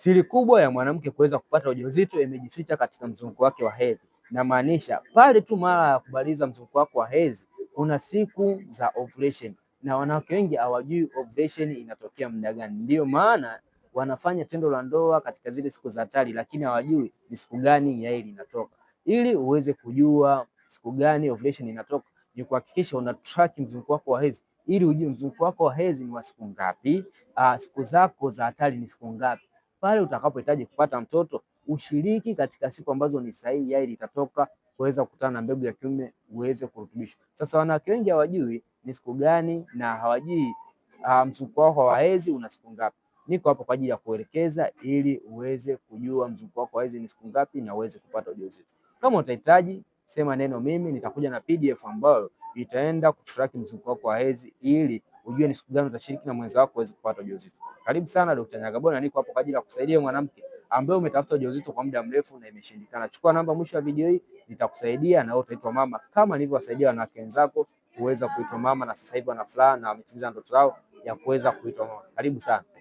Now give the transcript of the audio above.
Siri kubwa ya mwanamke kuweza kupata ujauzito imejificha katika mzunguko wake wa hedhi. Namaanisha pale tu mara ya kubaliza mzunguko wako wa hedhi, kuna siku za ovulation, na wanawake wengi hawajui ovulation inatokea muda gani. Ndiyo maana wanafanya tendo la ndoa katika zile siku za hatari, lakini hawajui ni siku gani yai linatoka. Ili uweze kujua siku gani ovulation inatoka, ni kuhakikisha una track mzunguko wako wa hedhi, ili ujue mzunguko wako wa hedhi ni wa siku ngapi, ah, siku zako za hatari ni siku ngapi pale utakapohitaji kupata mtoto, ushiriki katika siku ambazo ni sahihi, yai litatoka kuweza kukutana na mbegu ya kiume uweze kurutubishwa. Sasa wanawake wengi hawajui ni siku gani na hawajui uh, mzunguko wako wa hedhi una siku ngapi. Niko hapo kwa ajili ya kuelekeza ili uweze kujua mzunguko wako wa hedhi ni siku ngapi na uweze kupata ujauzito. Kama utahitaji sema neno mimi, nitakuja na PDF ambayo itaenda kutraki mzunguko wako wa hedhi ili ujue ni siku gani utashiriki na mwenza wako uweze kupata ujauzito. Karibu sana Dr. Nyagabona, niko hapo kwa ajili ya kusaidia mwanamke ambaye umetafuta ujauzito kwa muda mrefu na imeshindikana. Chukua namba mwisho ya video hii, nitakusaidia na wewe utaitwa mama kama nilivyowasaidia wanawake wenzako kuweza kuitwa mama, na sasa hivi wana furaha na wametimiza ndoto zao ya kuweza kuitwa mama. Karibu sana.